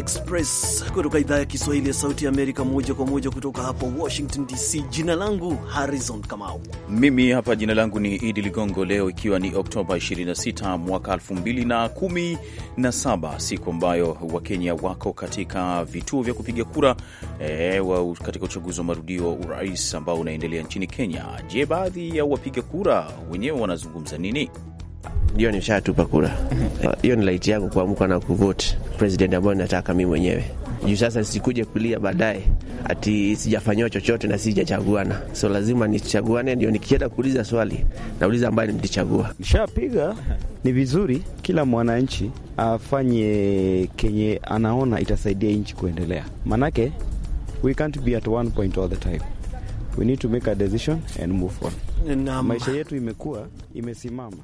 Express kutoka idhaa ya Kiswahili ya Sauti ya Amerika, moja kwa moja kutoka hapa Washington DC. Jina langu Harrison Kamau, mimi hapa jina langu ni Idi Ligongo. Leo ikiwa ni Oktoba 26 mwaka 2017, siku ambayo Wakenya wako katika vituo vya kupiga kura e, wa katika uchaguzi wa marudio wa urais ambao unaendelea nchini Kenya. Je, baadhi ya wapiga kura wenyewe wanazungumza nini? Hiyo nishatupa kura mhm. uh, hiyo. Ni laiti yangu kuamka na kuvote president ambayo nataka mimi mwenyewe juu sasa sikuje kulia baadaye ati sijafanyiwa chochote na sijachaguana, so lazima nichaguane. Ndio nikienda kuuliza swali nauliza ambaye mlichagua. Nishapiga. Ni vizuri kila mwananchi afanye kenye anaona itasaidia nchi kuendelea, manake we can't be at one point all the time, we need to make a decision and move on. Maisha yetu imekuwa imesimama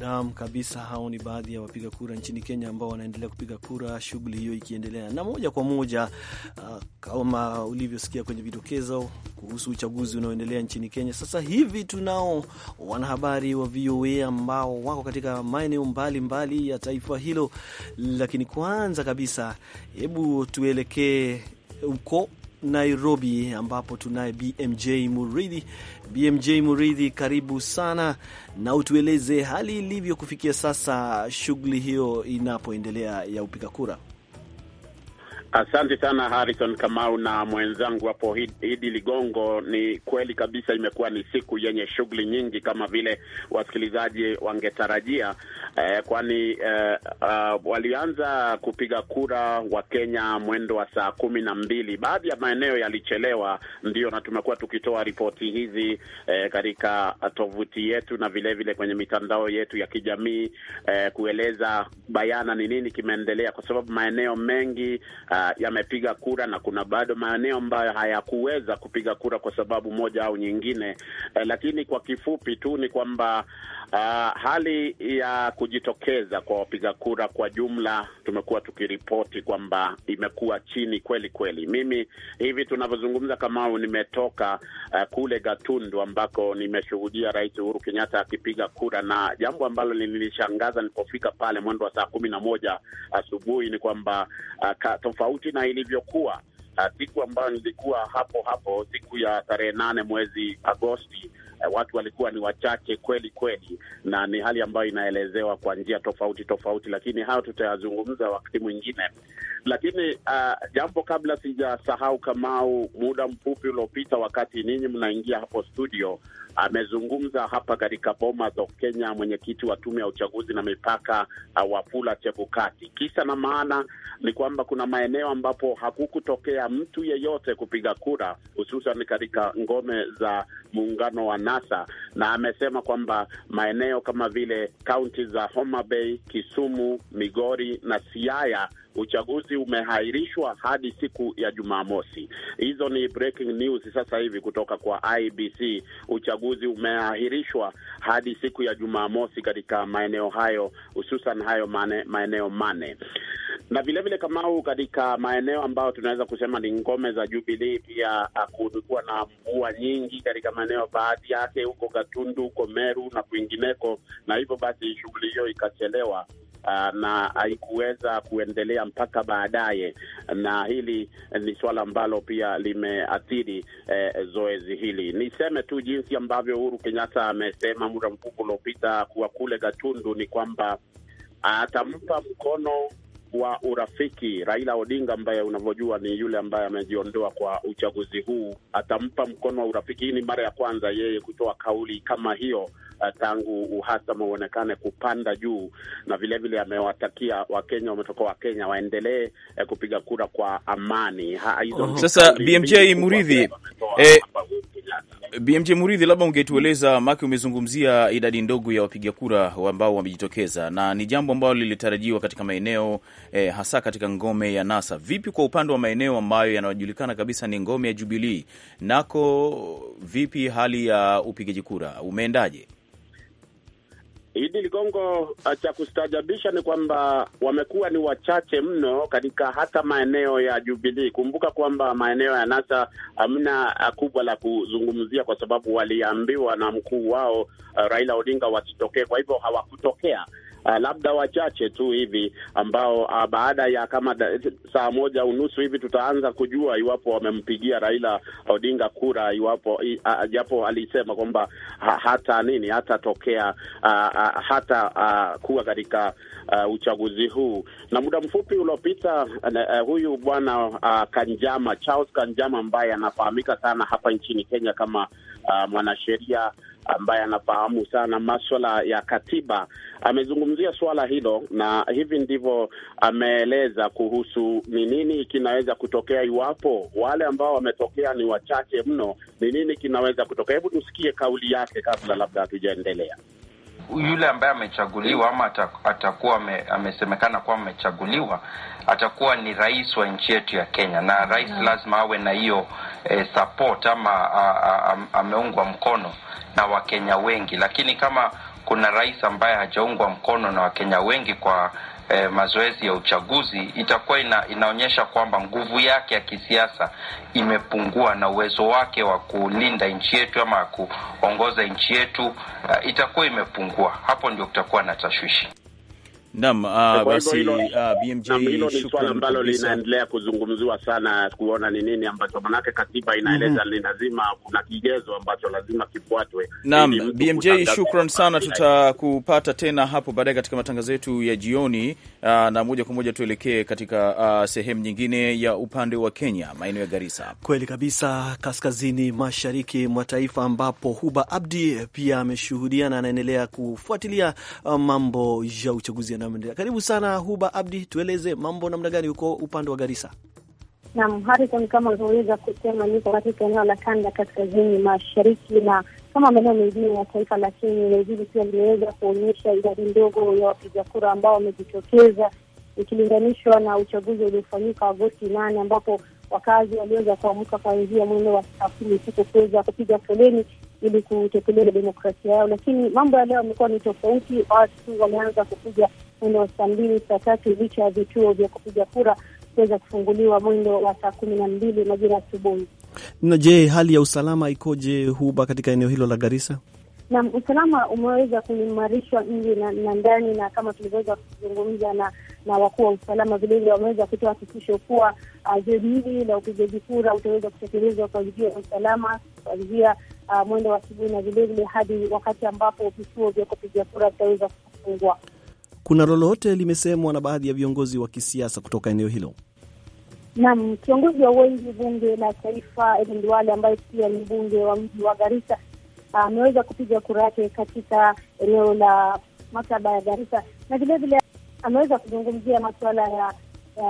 Naam kabisa, hao ni baadhi ya wapiga kura nchini Kenya ambao wanaendelea kupiga kura, shughuli hiyo ikiendelea. Na moja kwa moja, uh, kama ulivyosikia kwenye vidokezo kuhusu uchaguzi unaoendelea nchini Kenya sasa hivi, tunao wanahabari wa VOA ambao wako katika maeneo mbalimbali ya taifa hilo, lakini kwanza kabisa, hebu tuelekee huko Nairobi, ambapo tunaye BMJ Muridhi. BMJ Muridhi, karibu sana na utueleze hali ilivyo kufikia sasa, shughuli hiyo inapoendelea ya upiga kura. Asante sana Harrison Kamau na mwenzangu hapo Idi Ligongo. Ni kweli kabisa, imekuwa ni siku yenye shughuli nyingi kama vile wasikilizaji wangetarajia eh, kwani eh, uh, walianza kupiga kura wa Kenya mwendo wa saa kumi na mbili. Baadhi ya maeneo yalichelewa, ndio na tumekuwa tukitoa ripoti hizi eh, katika tovuti yetu na vilevile vile kwenye mitandao yetu ya kijamii eh, kueleza bayana ni nini kimeendelea, kwa sababu maeneo mengi uh, yamepiga kura na kuna bado maeneo ambayo hayakuweza kupiga kura kwa sababu moja au nyingine. eh, lakini kwa kifupi tu ni kwamba Uh, hali ya kujitokeza kwa wapiga kura kwa jumla tumekuwa tukiripoti kwamba imekuwa chini kweli kweli. Mimi hivi tunavyozungumza, au nimetoka uh, kule Gatundu ambako nimeshuhudia Rais Uhuru Kenyatta akipiga kura, na jambo ambalo lilinishangaza nilipofika pale mwendo wa saa kumi na moja asubuhi ni kwamba uh, tofauti na ilivyokuwa eh, siku uh, ambayo nilikuwa hapo hapo siku ya tarehe nane mwezi Agosti Eh, watu walikuwa ni wachache kweli kweli, na ni hali ambayo inaelezewa kwa njia tofauti tofauti, lakini hayo tutayazungumza wakati mwingine. Lakini uh, jambo kabla sijasahau, Kamau, muda mfupi uliopita, wakati ninyi mnaingia hapo studio, Amezungumza hapa katika boma za Kenya mwenyekiti wa tume ya uchaguzi na mipaka uh, Wafula Chebukati. Kisa na maana ni kwamba kuna maeneo ambapo hakukutokea mtu yeyote kupiga kura, hususan katika ngome za muungano wa NASA, na amesema kwamba maeneo kama vile kaunti za Homa Bay, Kisumu, Migori na Siaya uchaguzi umehairishwa hadi siku ya Jumamosi. Hizo ni breaking news sasa hivi kutoka kwa IBC. Uchaguzi umeahirishwa hadi siku ya Jumamosi katika maeneo hayo, hususan hayo mane, maeneo mane na vilevile Kamau, katika maeneo ambayo tunaweza kusema ni ngome za Jubilii, pia ah, kulikuwa na mvua nyingi katika maeneo baadhi yake huko Gatundu, huko Meru na kwingineko, na hivyo basi shughuli hiyo ikachelewa uh, na haikuweza kuendelea mpaka baadaye, na hili ni suala ambalo pia limeathiri eh, zoezi hili. Niseme tu jinsi ambavyo Uhuru Kenyatta amesema muda mfupi uliopita kuwa kule Gatundu ni kwamba atampa mkono wa urafiki Raila Odinga ambaye unavyojua ni yule ambaye amejiondoa kwa uchaguzi huu, atampa mkono wa urafiki. Hii ni mara ya kwanza yeye kutoa kauli kama hiyo Eh, tangu uhasama uonekane kupanda juu, na vilevile amewatakia Wakenya wametoka Wakenya waendelee eh, kupiga kura kwa amani. Oh, sasa BMJ Muridhi, eh, BMJ Muridhi, labda ungetueleza make, umezungumzia idadi ndogo ya wapiga kura ambao wamejitokeza, na ni jambo ambalo lilitarajiwa katika maeneo eh, hasa katika ngome ya NASA. Vipi kwa upande wa maeneo ambayo yanajulikana kabisa ni ngome ya Jubilii, nako vipi hali ya upigaji kura umeendaje? Idi Ligongo, uh, cha kustajabisha ni kwamba wamekuwa ni wachache mno katika hata maeneo ya Jubilii. Kumbuka kwamba maeneo ya NASA hamna uh, kubwa la kuzungumzia, kwa sababu waliambiwa na mkuu wao uh, Raila Odinga wasitokee, kwa hivyo hawakutokea uh, labda wachache tu hivi ambao uh, baada ya kama da, saa moja unusu hivi tutaanza kujua iwapo wamempigia Raila Odinga kura, iwapo ah, japo alisema kwamba ha, hata nini hatatokea uh, uh, hata uh, kuwa katika uh, uchaguzi huu. Na muda mfupi uliopita uh, huyu bwana uh, Kanjama Charles Kanjama ambaye anafahamika sana hapa nchini Kenya kama uh, mwanasheria ambaye anafahamu sana maswala ya katiba amezungumzia suala hilo, na hivi ndivyo ameeleza kuhusu ni nini kinaweza kutokea iwapo wale ambao wametokea ni wachache mno, ni nini kinaweza kutokea. Hebu tusikie kauli yake kabla labda hatujaendelea yule ambaye amechaguliwa ama atakuwa ame, amesemekana kuwa amechaguliwa atakuwa ni rais wa nchi yetu ya Kenya, na rais lazima awe na hiyo e, support ama ameungwa mkono na Wakenya wengi, lakini kama kuna rais ambaye hajaungwa mkono na Wakenya wengi kwa eh, mazoezi ya uchaguzi itakuwa ina, inaonyesha kwamba nguvu yake ya kisiasa imepungua na uwezo wake wa kulinda nchi yetu ama kuongoza nchi yetu uh, itakuwa imepungua. Hapo ndio kutakuwa na tashwishi. Naam, uh, basi uh, ah, BMJ, hilo ni swala ambalo linaendelea kuzungumziwa sana, kuona ni nini ambacho manake katiba inaeleza mhm. ni lazima kuna kigezo ambacho lazima kifuatwe. Naam, BMJ, shukran sana, tutakupata tena hapo baadaye katika matangazo yetu ya jioni. Uh, na moja kwa moja tuelekee katika uh, sehemu nyingine ya upande wa Kenya, maeneo ya Garissa. Kweli kabisa, kaskazini mashariki mwa taifa ambapo Huba Abdi pia ameshuhudia na anaendelea kufuatilia mambo ya uchaguzi yanayoendelea. Karibu sana Huba Abdi, tueleze mambo namna gani huko upande wa Garissa? Naam, Harrison, kama unavyoweza kusema, niko katika eneo la kanda kaskazini mashariki na kama maeneo mengine ya taifa, la kenya Nairobi pia limeweza kuonyesha idadi ndogo ya wapiga kura ambao wamejitokeza ikilinganishwa na uchaguzi uliofanyika Agosti nane ambapo wakazi waliweza kuamka kuanzia mwendo wa saa kumi usiku kuweza kupiga foleni ili kutekeleza demokrasia yao. Lakini mambo ya leo yamekuwa ni tofauti, watu wameanza kupiga mwendo wa saa mbili saa tatu licha ya vituo vya kupiga kura kuweza kufunguliwa mwendo wa saa kumi na mbili majira asubuhi. Na je, hali ya usalama ikoje huba katika eneo hilo la Garissa? Naam, usalama umeweza kuimarishwa nje na, na ndani na kama tulivyoweza kuzungumza na na wakuu wa usalama vilevile wameweza kutoa hakikisho kuwa uh, zoezi hili la upigaji kura utaweza kutekelezwa kwa njia ya usalama kuanzia uh, ah, mwendo wa asubuhi na vilevile hadi wakati ambapo vituo vya kupiga kura vitaweza kufungwa. Kuna lolote limesemwa na baadhi ya viongozi wa kisiasa kutoka eneo hilo? Naam, kiongozi wa wengi bunge la taifa Edmund ambaye pia ni mbunge wa mji wa Garissa ameweza kupiga kura yake katika eneo la maktaba ya Garissa na vilevile ameweza kuzungumzia masuala ya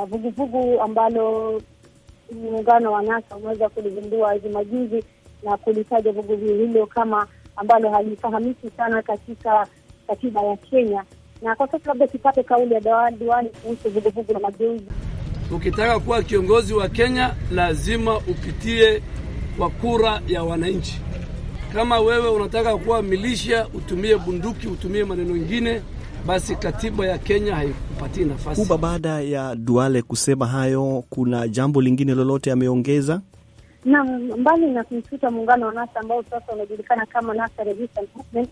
vuguvugu ambalo muungano wa NASA umeweza kulizindua hivi majuzi na kulitaja vuguvugu hilo kama ambalo halifahamiki sana katika katiba ya Kenya, na kwa sasa labda sipate kauli ya diwani kuhusu vuguvugu la mageuzi. Ukitaka kuwa kiongozi wa Kenya lazima upitie kwa kura ya wananchi. Kama wewe unataka kuwa milisha, utumie bunduki, utumie maneno mengine, basi katiba ya Kenya haikupatii nafasi. Kuba, baada ya Duale kusema hayo, kuna jambo lingine lolote ameongeza? Naam, mbali na kumfuta muungano wa NASA ambao sasa unajulikana kama NASA Resistance Movement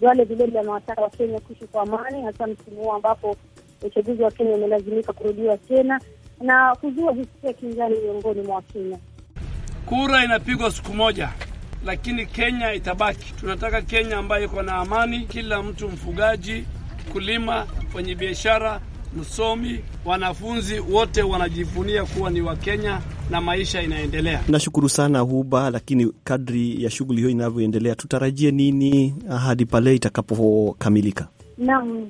vile vilevile linawataka Wakenya kuishi kwa amani, hasa msimu huu ambapo uchaguzi wa Kenya umelazimika kurudiwa tena na kuzua hisia kinzani miongoni mwa Wakenya. Kura inapigwa siku moja, lakini Kenya itabaki. Tunataka Kenya ambayo iko na amani, kila mtu mfugaji, mkulima, biashara msomi, wanafunzi wote wanajivunia kuwa ni Wakenya na maisha inaendelea. Nashukuru sana Huba, lakini kadri ya shughuli hiyo inavyoendelea, tutarajie nini hadi pale itakapokamilika? Naam,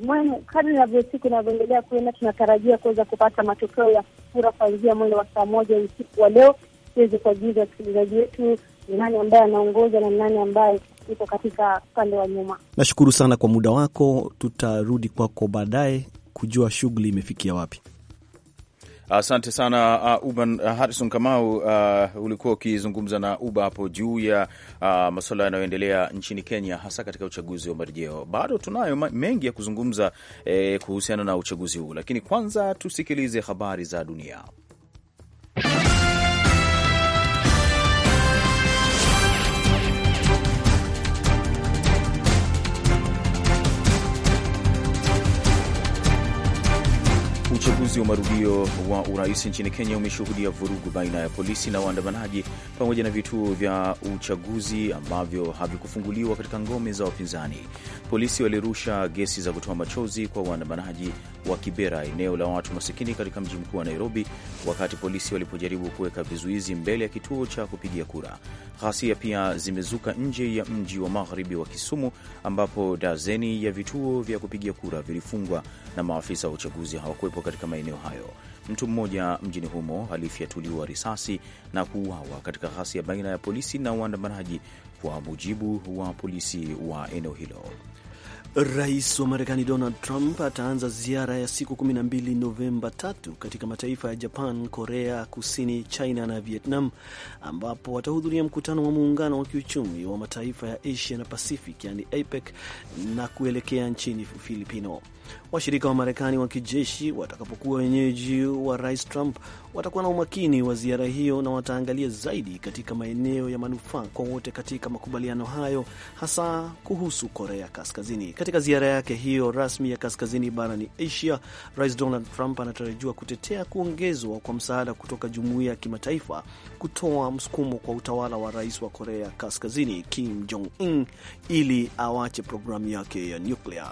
kadri navyo siku inavyoendelea kuenda, tunatarajia kuweza kupata matokeo ya kura kuanzia mwendo wa saa moja usiku wa leo, tuweze kuajuza wasikilizaji wetu ni nani ambaye anaongoza na nani ambaye iko katika upande wa nyuma. Nashukuru sana kwa muda wako, tutarudi kwako baadaye kujua shughuli imefikia wapi. Asante sana uh, Uban uh, Harrison Kamau, uh, ulikuwa ukizungumza na Uba hapo juu ya uh, masuala yanayoendelea nchini Kenya, hasa katika uchaguzi wa marejeo. Bado tunayo mengi ya kuzungumza eh, kuhusiana na uchaguzi huu, lakini kwanza tusikilize habari za dunia. Uchaguzi wa marudio wa urais nchini Kenya umeshuhudia vurugu baina ya polisi na waandamanaji pamoja na vituo vya uchaguzi ambavyo havikufunguliwa katika ngome za wapinzani. Polisi walirusha gesi za kutoa machozi kwa waandamanaji wa Kibera, eneo la watu masikini katika mji mkuu wa Nairobi, wakati polisi walipojaribu kuweka vizuizi mbele ya kituo cha kupigia kura. Ghasia pia zimezuka nje ya mji wa magharibi wa Kisumu, ambapo dazeni ya vituo vya kupigia kura vilifungwa na maafisa wa uchaguzi hawakuwepo katika maeneo hayo. Mtu mmoja mjini humo alifyatuliwa risasi na kuuawa katika ghasia baina ya polisi na waandamanaji, kwa mujibu wa polisi wa eneo hilo. Rais wa Marekani Donald Trump ataanza ziara ya siku 12 Novemba tatu katika mataifa ya Japan, Korea Kusini, China na Vietnam, ambapo atahudhuria mkutano wa muungano wa kiuchumi wa mataifa ya Asia na Pacific, yani APEC, na kuelekea nchini Filipino. Washirika wa Marekani wa kijeshi watakapokuwa wenyeji wa Rais Trump watakuwa na umakini wa ziara hiyo na wataangalia zaidi katika maeneo ya manufaa kwa wote katika makubaliano hayo, hasa kuhusu Korea Kaskazini. Katika ziara yake hiyo rasmi ya kaskazini barani Asia, Rais Donald Trump anatarajiwa kutetea kuongezwa kwa msaada kutoka jumuiya ya kimataifa kutoa msukumo kwa utawala wa rais wa Korea Kaskazini Kim Jong Un ili awache programu yake ya nyuklia.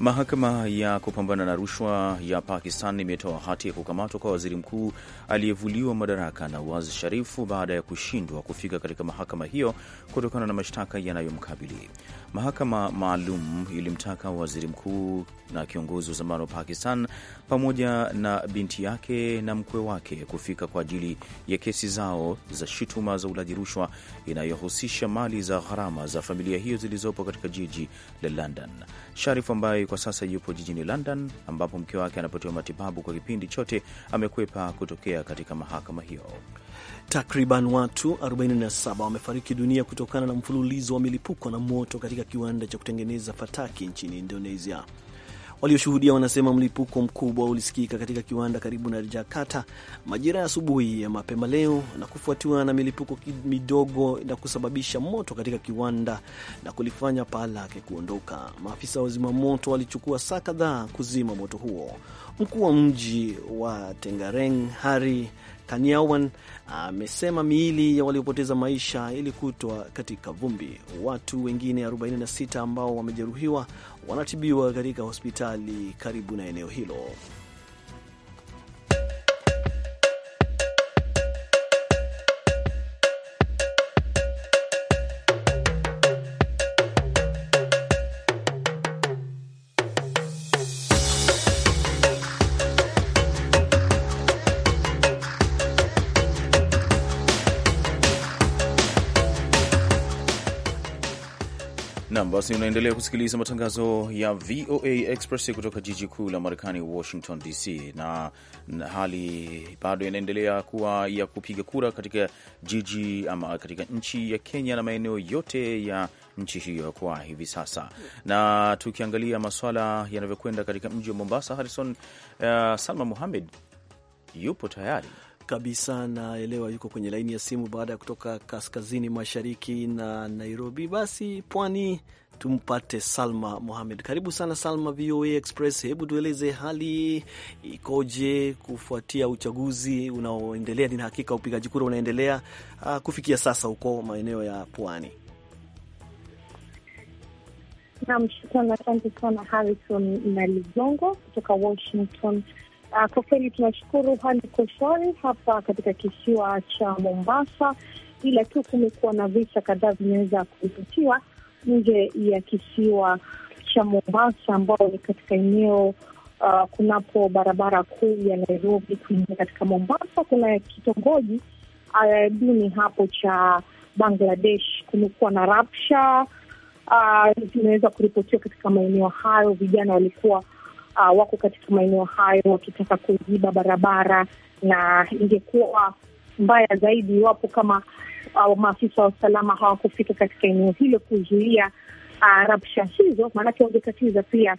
Mahakama ya kupambana na rushwa ya Pakistan imetoa hati ya kukamatwa kwa waziri mkuu aliyevuliwa madaraka Nawaz Sharif baada ya kushindwa kufika katika mahakama hiyo kutokana na mashtaka yanayomkabili. Mahakama maalum ilimtaka waziri mkuu na kiongozi wa zamani wa Pakistan pamoja na binti yake na mkwe wake kufika kwa ajili ya kesi zao za shutuma za ulaji rushwa inayohusisha mali za gharama za familia hiyo zilizopo katika jiji la London. Sharif ambaye kwa sasa yupo jijini London ambapo mke wake anapatiwa matibabu kwa kipindi chote, amekwepa kutokea katika mahakama hiyo. Takriban watu 47 wamefariki dunia kutokana na mfululizo wa milipuko na moto katika ya kiwanda cha kutengeneza fataki nchini Indonesia. Walioshuhudia wanasema mlipuko mkubwa ulisikika katika kiwanda karibu na Jakarta majira ya asubuhi ya mapema leo na kufuatiwa na milipuko midogo na kusababisha moto katika kiwanda na kulifanya paa lake kuondoka. Maafisa wa zimamoto walichukua saa kadhaa kuzima moto huo. Mkuu wa mji wa Tengareng Hari Kanyawan amesema miili ya waliopoteza maisha ilikutwa katika vumbi. Watu wengine 46 ambao wamejeruhiwa wanatibiwa katika hospitali karibu na eneo hilo. basi unaendelea kusikiliza matangazo ya VOA Express kutoka jiji kuu la Marekani, Washington DC, na, na hali bado inaendelea kuwa ya kupiga kura katika jiji ama katika nchi ya Kenya na maeneo yote ya nchi hiyo kwa hivi sasa. Na tukiangalia maswala yanavyokwenda katika mji wa Mombasa, Harrison, uh, Salma Muhamed yupo tayari kabisa naelewa, yuko kwenye laini ya simu baada ya kutoka kaskazini mashariki na Nairobi. Basi pwani tumpate Salma Mohamed. Karibu sana Salma, VOA Express. Hebu tueleze hali ikoje kufuatia uchaguzi unaoendelea? Nina hakika upigaji kura unaendelea uh, kufikia sasa huko maeneo ya pwani. Nam, shukran, asante sana Harrison na Ligongo kutoka Washington. Uh, kwa kweli tunashukuru hali iko shwari hapa katika kisiwa cha Mombasa, ila tu kumekuwa na visa kadhaa vimeweza kuripotiwa nje ya kisiwa cha Mombasa, ambao ni katika eneo uh, kunapo barabara kuu ya Nairobi kuingia katika Mombasa. Kuna kitongoji uh, duni hapo cha Bangladesh. Kumekuwa na rapsha uh, zimeweza uh, kuripotiwa katika maeneo hayo. Vijana walikuwa uh, wako katika maeneo hayo wakitaka kuziba barabara, na ingekuwa mbaya zaidi iwapo kama au maafisa wa usalama hawakufika katika eneo hilo kuzuia uh, ah, rabsha hizo, maanake wangekatiza pia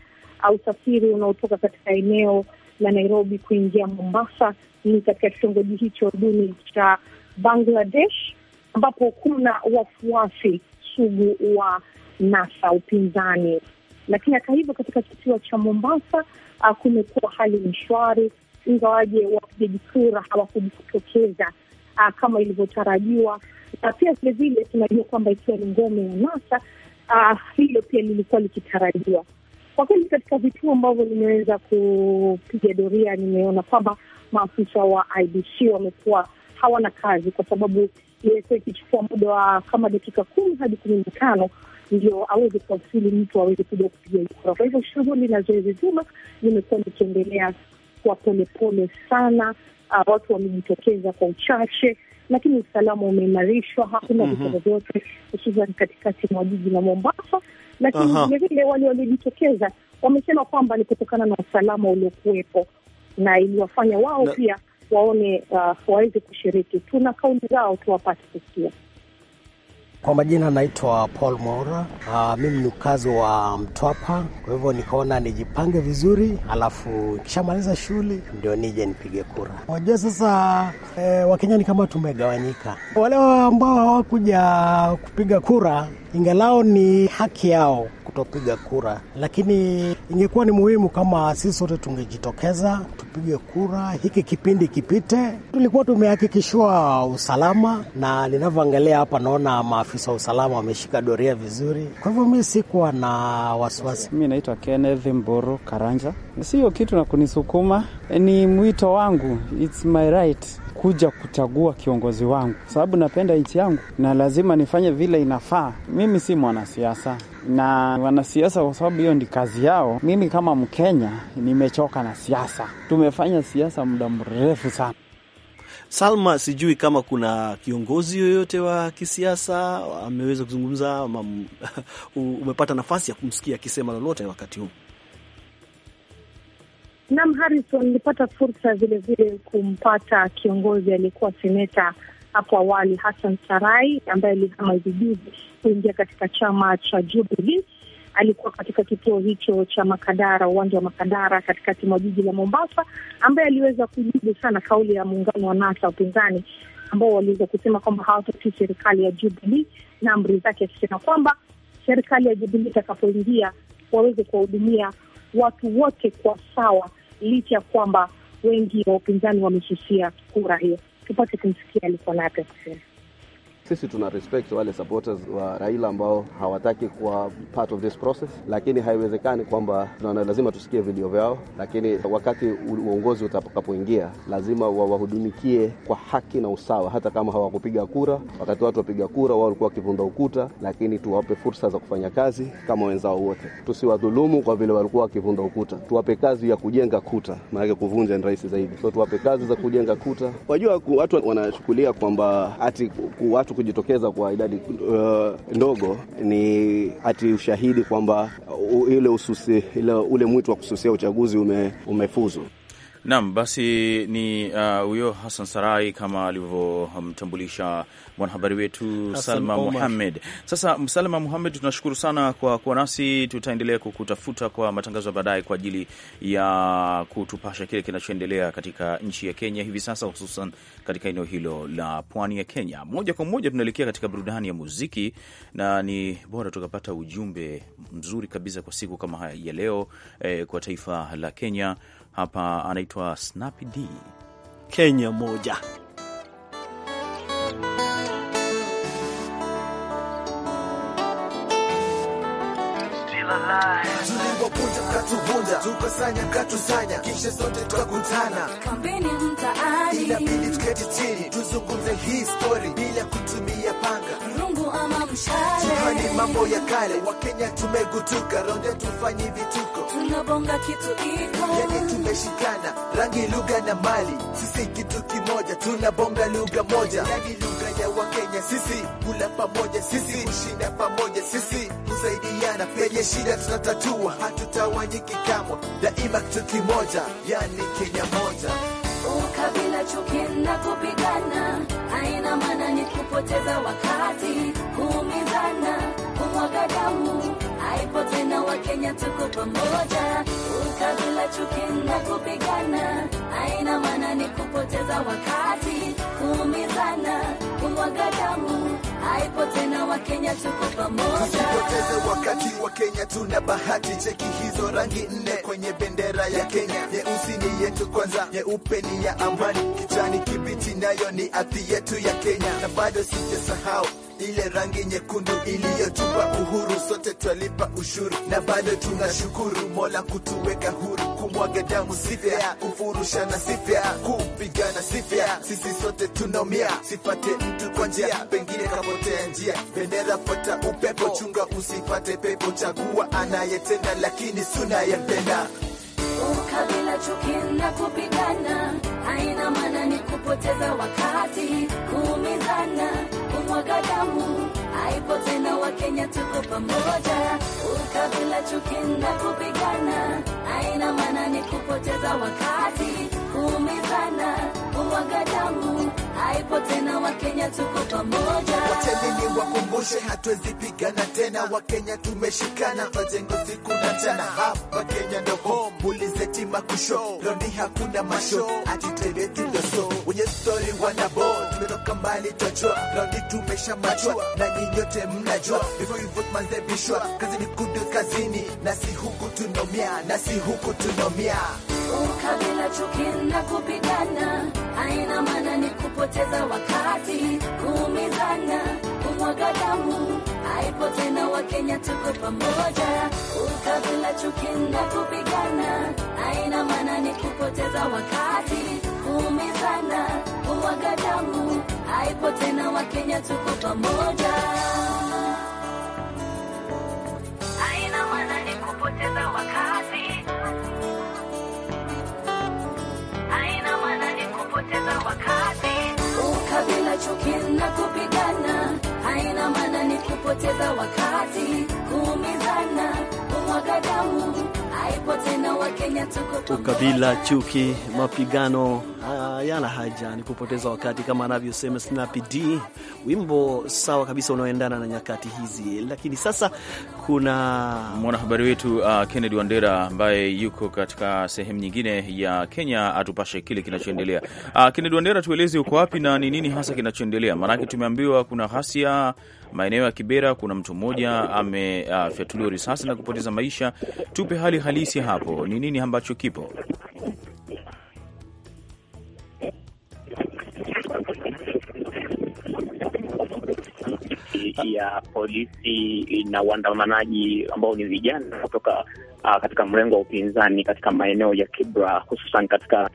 uh, usafiri unaotoka katika eneo la Nairobi kuingia Mombasa. Ni katika kitongoji hicho duni cha Bangladesh ambapo kuna wafuasi sugu wa NASA upinzani. Lakini hata hivyo, katika kituo cha Mombasa uh, kumekuwa hali ni shwari, ingawaje wapigaji kura hawakujitokeza uh, kama ilivyotarajiwa, na ah, pia vilevile tunajua kwamba ikiwa ni ngome ya NASA uh, ah, hilo pia lilikuwa likitarajiwa. Kwa kweli katika vituo ambavyo nimeweza kupiga doria, nimeona kwamba maafisa wa IBC wamekuwa hawana kazi, kwa sababu imekuwa ikichukua muda wa kama dakika kumi hadi kumi na tano ndio aweze kuwasili mtu aweze kuja kupiga kura. Kwa hivyo shughuli na zoezi zima limekuwa likiendelea kwa polepole sana uh, watu wamejitokeza kwa uchache, lakini usalama umeimarishwa, hakuna mhm. vitendo mm -hmm. vyote, hususan katikati mwa jiji la Mombasa. Lakini vilevile wale waliojitokeza wamesema kwamba ni kutokana na usalama uliokuwepo na iliwafanya wao na... pia waone uh, waweze kushiriki. Tuna kauli zao tuwapate kusikia. Kwa majina naitwa Paul Mwaura. Uh, mimi ni mkazi wa Mtwapa, kwa hivyo nikaona nijipange vizuri, alafu kishamaliza shule ndio nije nipige kura. Wajua sasa eh, Wakenya ni kama tumegawanyika, wale ambao hawakuja kupiga kura ingalao ni haki yao kutopiga kura, lakini ingekuwa ni muhimu kama sisi sote tungejitokeza tupige kura, hiki kipindi kipite. Tulikuwa tumehakikishiwa usalama, na ninavyoangalia hapa naona maafisa wa usalama wameshika doria vizuri. Kwa hivyo mi sikuwa na wasiwasi. Mi naitwa Kenneth mboro Karanja. Sio kitu na kunisukuma, e, ni mwito wangu, it's my right kuja kuchagua kiongozi wangu, sababu napenda nchi yangu na lazima nifanye vile inafaa. Mimi si mwanasiasa na wanasiasa, kwa sababu hiyo ndi kazi yao. Mimi kama Mkenya nimechoka na siasa, tumefanya siasa muda mrefu sana. Salma, sijui kama kuna kiongozi yoyote wa kisiasa ameweza kuzungumza ama umepata nafasi ya kumsikia akisema lolote wakati huu? Nam Harrison, nilipata fursa vilevile kumpata kiongozi aliyekuwa seneta hapo awali Hassan Sarai ambaye alihama hivi juzi kuingia katika chama cha Jubilee. Alikuwa katika kituo hicho cha Makadara, uwanja wa Makadara katikati mwa jiji la Mombasa, ambaye aliweza kujibu sana kauli ya muungano wa NASA upinzani, ambao waliweza kusema kwamba hawatatii serikali ya Jubilee na amri zake, akisema kwamba serikali ya Jubilee itakapoingia waweze kuwahudumia watu wote kwa sawa, licha ya kwamba wengi wa upinzani wamesusia kura hiyo. Tupate kumsikia alikuwa nape kusema. Sisi tuna respect wale supporters wa Raila ambao hawataki kuwa part of this process, lakini haiwezekani kwamba tunaona lazima tusikie vilio vyao, lakini wakati uongozi utakapoingia lazima wawahudumikie kwa haki na usawa, hata kama hawakupiga kura. Wakati watu wapiga kura, wao walikuwa wakivunda ukuta, lakini tuwape fursa za kufanya kazi kama wenzao wote, tusiwadhulumu kwa vile walikuwa wakivunda ukuta. Tuwape kazi ya kujenga kuta, maanake kuvunja ni rahisi zaidi. So tuwape kazi za kujenga kuta. Wajua watu wanachukulia kwamba ati watu kujitokeza kwa idadi uh, ndogo ni ati ushahidi kwamba ule ususi, ule mwito wa kususia uchaguzi ume, umefuzu. Naam, basi ni uh, huyo uh, Hassan Sarai kama alivyomtambulisha um, mwanahabari wetu Salma Muhamed. Sasa Salma Muhamed, tunashukuru sana kwa kuwa nasi, tutaendelea kukutafuta kwa matangazo ya baadaye kwa ajili ya kutupasha kile kinachoendelea katika nchi ya Kenya hivi sasa, hususan katika eneo hilo la pwani ya Kenya. Moja kwa moja tunaelekea katika burudani ya muziki, na ni bora tukapata ujumbe mzuri kabisa kwa siku kama ya leo eh, kwa taifa la Kenya hapa anaitwa Snappy D Kenya moja. Tulipokuja katuvunja, tukasanya katusanya, kisha sote tukakutana kampeni mtaani, inabidi tuketi chini tuzungumze hii stori bila kutumia panga ama mshale. Jihani mambo ya kale, Wakenya tumegutuka, ronde tufanyi vituko, tunabonga kitu iko yani, tumeshikana rangi, lugha na mali, sisi kitu kimoja, tunabonga lugha moja yani lugha ya Wakenya, sisi kula pamoja, sisi kushinda pamoja, sisi kusaidiana penye shida tunatatua, hatutawanyiki kamwe, daima kitu kimoja yani Kenya moja. Ukabila, chuki na kupigana haina maana, ni kupoteza wakati, kuumizana, kumwaga damu, haipo tena. Wakenya tuko pamoja. Ukabila, chuki na kupigana haina maana, ni kupoteza wakati, kuumizana, kumwaga damu haipo tena, Wakenya tuko pamoja, tusipoteze wakati. Wakenya tuna bahati, cheki hizo rangi nne kwenye bendera ya Kenya. Nyeusi ni yetu kwanza, nyeupe ni ya amani, kijani kibichi nayo ni ardhi yetu ya Kenya, na bado sijasahau ile rangi nyekundu iliyotupa uhuru, sote twalipa ushuru na bado tunashukuru Mola kutuweka huru, kumwaga damu sifya, kufurushana sifya, kupigana sifya, sisi sote tunaumia. Sipate mtu kwa njia, pengine kapotea njia, bendera pata upepo, chunga usipate pepo, chagua anayetenda, lakini sunayempenda ukabila chuki na kupigana haina maana, ni kupoteza wakati kuumizana kumwaga damu, haipo tena. Wakenya tuko pamoja, ukabila chuki na kupigana aina maana, ni kupoteza wakati, kuumizana, kumwaga damu haipo tena, Wakenya tuko pamoja. Wacha mimi wakumbushe, hatuwezi pigana tena, Wakenya tumeshikana, majengo siku na mchana. Hapa Kenya ndo home, ulize tima kusho loni, hakuna masho atitebeti ndoso wenye stori wanabo, tumetoka mbali twajua, loni tumesha machwa na nyinyote mnajua, before you vote manze bishwa, kazi ni kudu kazini, na si huku tunomia, na si huku tunomia, ukabila chuki na kupigana haina maana ni haipoteza wakati, kuumizana, kumwaga damu haipo tena. Wakenya tuko pamoja, ukabila, chuki na kupigana haina maana, ni kupoteza wakati, kuumizana, kumwaga damu haipo tena. Wakenya tuko pamoja. kuepuka chuki na kupigana, haina maana ni kupoteza wakati, kuumizana, kumwaga damu ukabila, chuki, mapigano ah, yana haja, ni kupoteza wakati, kama anavyosema Snappy D, wimbo sawa kabisa unaoendana na nyakati hizi. Lakini sasa kuna mwanahabari wetu uh, Kennedy Wandera ambaye yuko katika sehemu nyingine ya Kenya, atupashe kile kinachoendelea. Uh, Kennedy Wandera, tueleze uko wapi na ni nini hasa kinachoendelea, maanake tumeambiwa kuna ghasia maeneo ya Kibera, kuna mtu mmoja amefyatuliwa uh, risasi na kupoteza maisha. Tupe hali hali halisi hapo ni nini ambacho kipo? ya polisi na uandamanaji ambao ni vijana kutoka uh, katika mrengo wa upinzani katika maeneo ya Kibra hususan katika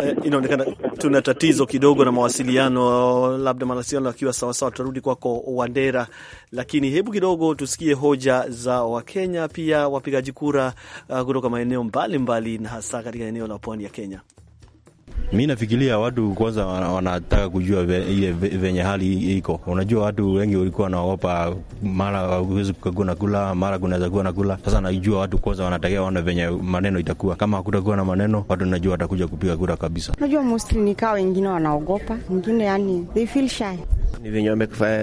Eh, inaonekana tuna tatizo kidogo na mawasiliano, labda mawasiliano akiwa sawasawa, tutarudi kwako Wandera, lakini hebu kidogo tusikie hoja za Wakenya pia wapigaji kura eh, kutoka uh, maeneo mbalimbali na hasa katika eneo la pwani ya Kenya. Mi nafikiria watu kwanza wanataka kujua ile venye hali iko. Unajua watu wengi walikuwa wanaogopa, mara huwezi kukagua na kula, mara kunaweza kuwa na kula. Sasa najua watu kwanza wanatakia waona venye maneno itakuwa. Kama hakutakuwa na maneno, watu najua watakuja kupiga kura kabisa. Unajua mostly nikaa wengine wanaogopa, wengine yani they feel shy ni venye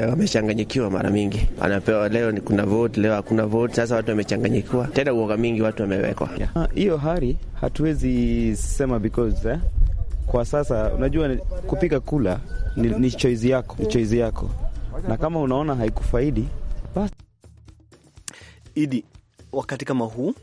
wamechanganyikiwa. Mara mingi anapewa leo ni kuna vote, leo hakuna vote. Sasa watu wamechanganyikiwa, tena uoga mingi watu wamewekwa ah, hiyo. Yeah. Uh, hali hatuwezi sema because eh, kwa sasa unajua kupika kula ni, ni choizi yako, ni choizi yako, na kama unaona haikufaidi basi. Idi, wakati kama huu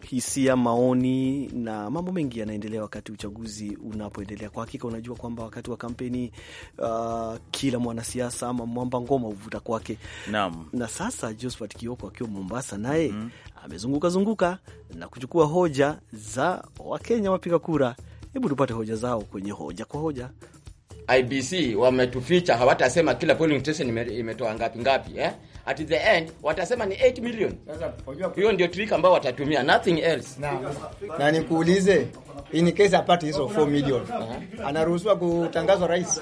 hisia, maoni na mambo mengi yanaendelea wakati uchaguzi unapoendelea. Kwa hakika, unajua kwamba wakati wa kampeni uh, kila mwanasiasa ama mwamba ngoma huvuta kwake. na, Na sasa Josphat Kioko akiwa Mombasa naye mm -hmm. amezunguka zunguka na kuchukua hoja za Wakenya wapiga kura Hebu tupate hoja zao kwenye hoja kwa hoja. IBC wametuficha, hawatasema kila polling station imetoa ngapi ngapi, eh? At the end watasema ni 8 million. Hiyo ndio trick ambayo watatumia, nothing else. Na, na nikuulize in case apate hizo 4 million uh-huh. Anaruhusiwa kutangazwa rais?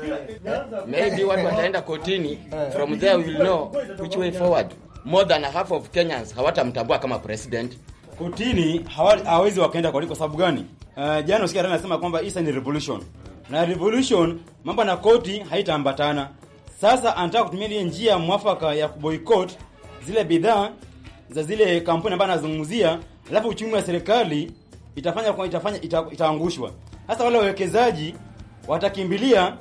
Maybe watu wataenda kotini eh. from there we will know which way forward. More than half of Kenyans hawatamtambua kama president kotini hawezi wakaenda kwa sababu gani? Uh, jana usikia tena anasema kwamba Isa ni revolution na revolution, mambo na koti haitaambatana. Sasa anataka kutumia ile njia mwafaka ya kuboycott zile bidhaa za zile kampuni ambazo anazungumzia, alafu uchumi wa serikali itafanya kwa itafanya itaangushwa. Sasa wale wawekezaji watakimbilia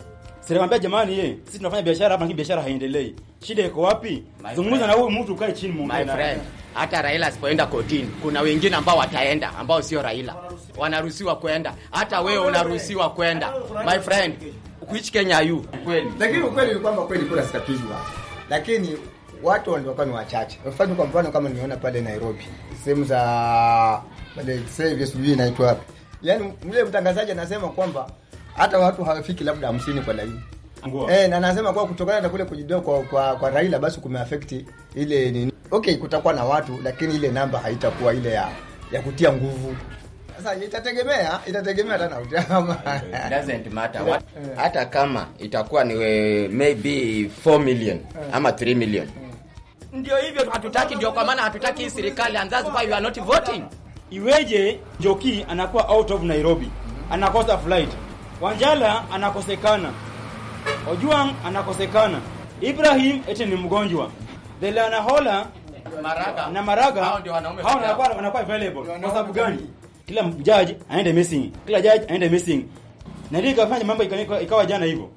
Serikali jamani, ye eh, sisi tunafanya biashara hapa, lakini biashara haiendelei. Shida iko wapi? Zungumza na huyu mtu, ukae chini, muongee My friend, Hata Raila asipoenda kotini, kuna wengine ambao wataenda, ambao sio Raila, wanaruhusiwa kwenda. Hata wewe unaruhusiwa kwenda, my friend. Which Kenya you kweli? Lakini ukweli ni kwamba kweli kura sikatizwa. lakini watu walikuwa ni wachache. Mfano kwa mfano, kama niona pale Nairobi, sehemu za pale, sasa hivi sijui inaitwa wapi, yaani mle mtangazaji anasema kwamba hata watu hawafiki labda hamsini kwa laini eh, na nasema kwa kutokana na kule kujidoa kwa, kwa, kwa Raila basi kumeaffect ile nini. Okay, kutakuwa na watu lakini ile namba haitakuwa ile ya ya kutia nguvu. Sasa itategemea itategemea tena na utama. Doesn't matter what. Eh. Hata kama itakuwa ni we, maybe 4 million eh. ama 3 million. Eh. Ndio hivyo hatutaki, ndio kwa maana hatutaki hii serikali and that's why you are not voting. Iweje Njoki anakuwa out of Nairobi, anakosa flight Wanjala anakosekana, Ojuang anakosekana, Ibrahim eti ni mgonjwa, Delanahola Maraga na Maraga hao wanaume wanakuwa available kwa sababu gani? Kila judge aende missing, kila judge aende missing, na ndio ikafanya mambo ikawa jana hivyo.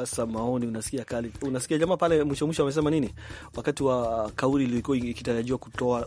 Sasa maoni unasikia kali, unasikia jamaa pale mwisho mwisho amesema nini, wakati wa kauli ilikuwa ikitarajiwa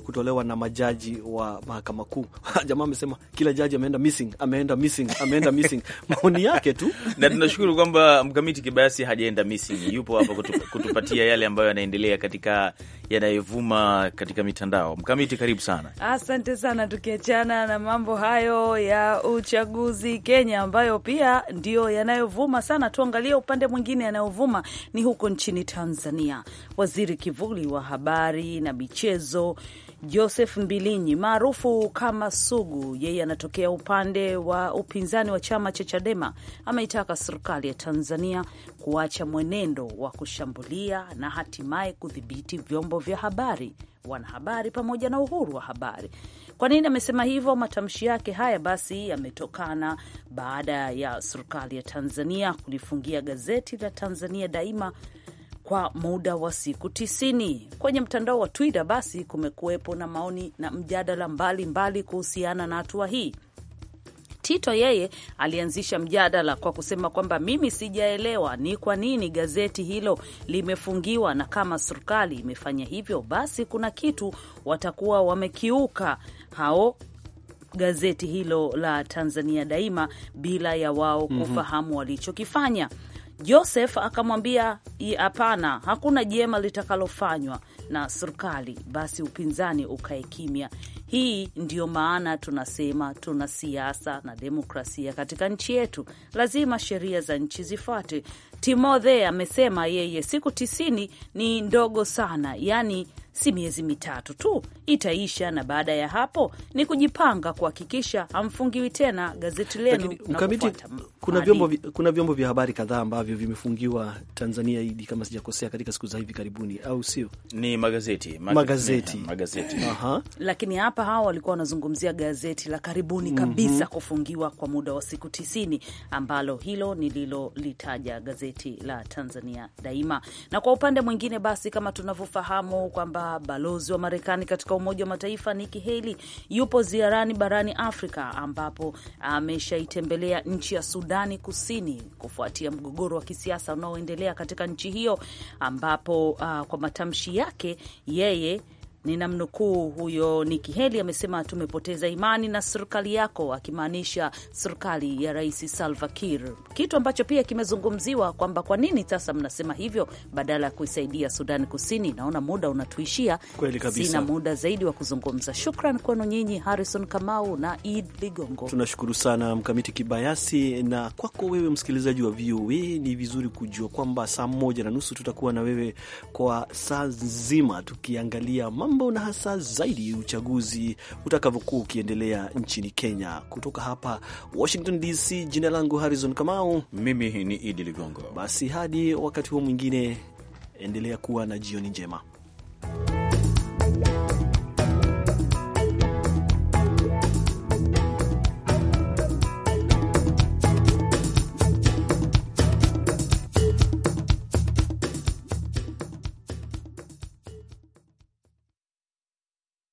kutolewa na majaji wa mahakama kuu. Jamaa amesema kila jaji ameenda missing, ameenda missing, ameenda missing maoni yake tu, na tunashukuru kwamba mkamiti kibayasi hajaenda missing, yupo hapa kutupatia yale ambayo yanaendelea katika yanayovuma katika mitandao. Mkamiti, karibu sana. Asante sana. Tukiachana na mambo hayo ya uchaguzi Kenya, ambayo pia ndio yanayovuma sana, tuangalie upande mwingine. Yanayovuma ni huko nchini Tanzania. Waziri kivuli wa habari na michezo Joseph Mbilinyi maarufu kama Sugu, yeye anatokea upande wa upinzani wa chama cha Chadema, ameitaka serikali ya Tanzania kuacha mwenendo wa kushambulia na hatimaye kudhibiti vyombo vya habari, wanahabari pamoja na uhuru wa habari. Kwa nini amesema hivyo? Matamshi yake haya basi yametokana baada ya serikali ya Tanzania kulifungia gazeti la Tanzania Daima kwa muda wa siku tisini. Kwenye mtandao wa Twitter basi kumekuwepo na maoni na mjadala mbalimbali kuhusiana na hatua hii. Tito yeye alianzisha mjadala kwa kusema kwamba mimi sijaelewa ni kwa nini gazeti hilo limefungiwa, na kama serikali imefanya hivyo, basi kuna kitu watakuwa wamekiuka hao gazeti hilo la Tanzania Daima bila ya wao mhm. kufahamu walichokifanya. Joseph akamwambia hapana, hakuna jema litakalofanywa na serikali, basi upinzani ukae kimya. Hii ndiyo maana tunasema tuna siasa na demokrasia katika nchi yetu, lazima sheria za nchi zifuate. timothe amesema yeye siku tisini ni ndogo sana, yani si miezi mitatu tu itaisha, na baada ya hapo ni kujipanga kuhakikisha hamfungiwi tena gazeti lenu. Mkamiti, kuna vyombo, kuna vyombo vya habari kadhaa ambavyo vimefungiwa Tanzania hidi, kama sijakosea, katika siku za hivi karibuni, au sio? Ni magazeti, magazeti, magazeti. Aha. Lakini hapa hawa walikuwa wanazungumzia gazeti la karibuni mhm. kabisa mm -hmm. kufungiwa kwa muda wa siku tisini ambalo hilo nililolitaja gazeti la Tanzania Daima, na kwa upande mwingine basi kama tunavyofahamu kwamba balozi wa Marekani katika Umoja wa Mataifa Nikki Haley yupo ziarani barani Afrika, ambapo ameshaitembelea nchi ya Sudani Kusini kufuatia mgogoro wa kisiasa unaoendelea katika nchi hiyo, ambapo uh, kwa matamshi yake yeye Ninamnukuu huyo Nikki Haley amesema, tumepoteza imani na serikali yako, akimaanisha serikali ya Rais Salva Kiir, kitu ambacho pia kimezungumziwa kwamba kwa nini sasa mnasema hivyo badala ya kuisaidia sudani Kusini. Naona muda unatuishia, sina muda zaidi wa kuzungumza. Shukran kwenu nyinyi, Harrison Kamau na Ed Ligongo. Tunashukuru sana Mkamiti Kibayasi na kwako wewe msikilizaji wa VOA. Ni vizuri kujua kwamba saa moja na nusu tutakuwa na wewe kwa saa nzima tukiangalia mama mambo na hasa zaidi uchaguzi utakavyokuwa ukiendelea nchini Kenya. Kutoka hapa Washington DC, jina langu Harrison Kamau, mimi ni Idi Ligongo. Basi hadi wakati huo mwingine, endelea kuwa na jioni njema.